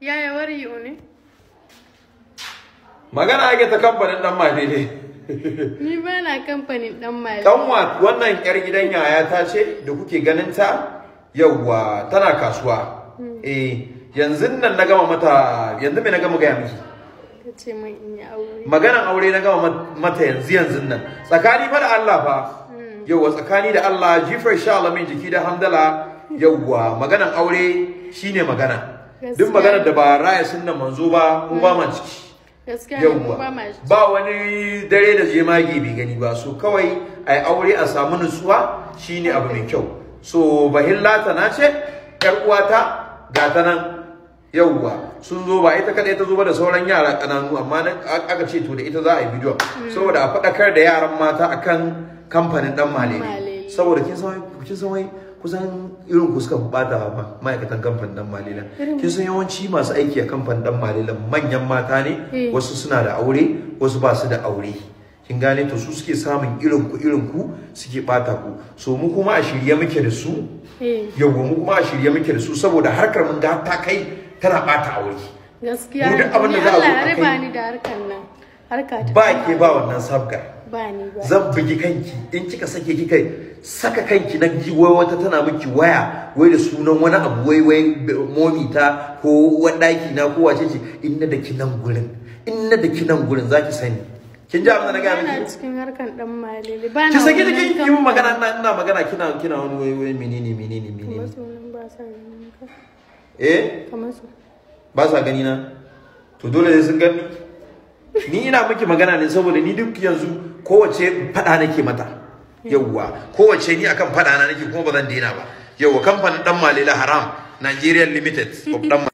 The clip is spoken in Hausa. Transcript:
Yaya, Magana ake ta kamfanin dan mafi ne. Ni ba na kamfanin dan mafi. Kanwa wannan yar gidan yaya ta ce da kuke ganin ta yawwa tana kasuwa. Hmm. Eh yanzu nan na gama mata yanzu me na gama gaya miki? Kace mai in yi aure. Maganan aure na gama mata yanzu yanzu nan. Tsakani fa da Allah fa. Hmm. Yawwa tsakani da Allah jifar sha Allah min jiki da hamdala yawwa maganan aure shine magana. duk maganar da ba raya da manzo ba mu ba ma ciki yauwa ba wani dare da jemagi bi gani ba so kawai a aure a samu nutsuwa shine abu mai kyau so bahillata na ce yar uwata ga ta nan yauwa sun zo ba ita kadai ta zo ba da sauran yara kananu amma nan aka ce to da ita za a yi bidiyon mm. saboda a faɗakar da yaran mata akan kamfanin dan malami saboda kin san kin san kusan irin ku suka bada ma ma'aikatan kamfanin dan malila kin san yawanci masu aiki a kamfanin dan malila manyan mata ne eh. wasu suna da aure wasu ba su da aure kin gane to su suke samun irin ku irin ku suke bata ku so mu kuma a shirye muke da su eh. yawa mu kuma a shirye muke da su saboda harkar mun ga ta kai tana bata aure gaskiya ni Allah ya riba ni da harkar nan harka ta ba ke ba wannan sabgar zan bugi kanki in kika sake kika saka kanki na ji wai wata tana miki waya wai da sunan wani abu wai wai momi ta ko wadaki na ko wace ce inna da ki nan gurin inna da ki nan gurin zaki sani kin ji abin da na ga miki cikin harkan dan malili ba na ki sake da kike yi magana na, ina magana kina kina wani wai wai menene menene menene eh kamar su ba sa gani na to dole sai sun gani ni ina miki magana ne saboda ni duk yanzu kowace fada nake mata yawwa kowace ni akan fada na nake kuma ba zan daina ba yawwa kamfanin dan malela haram Nigeria Limited of dan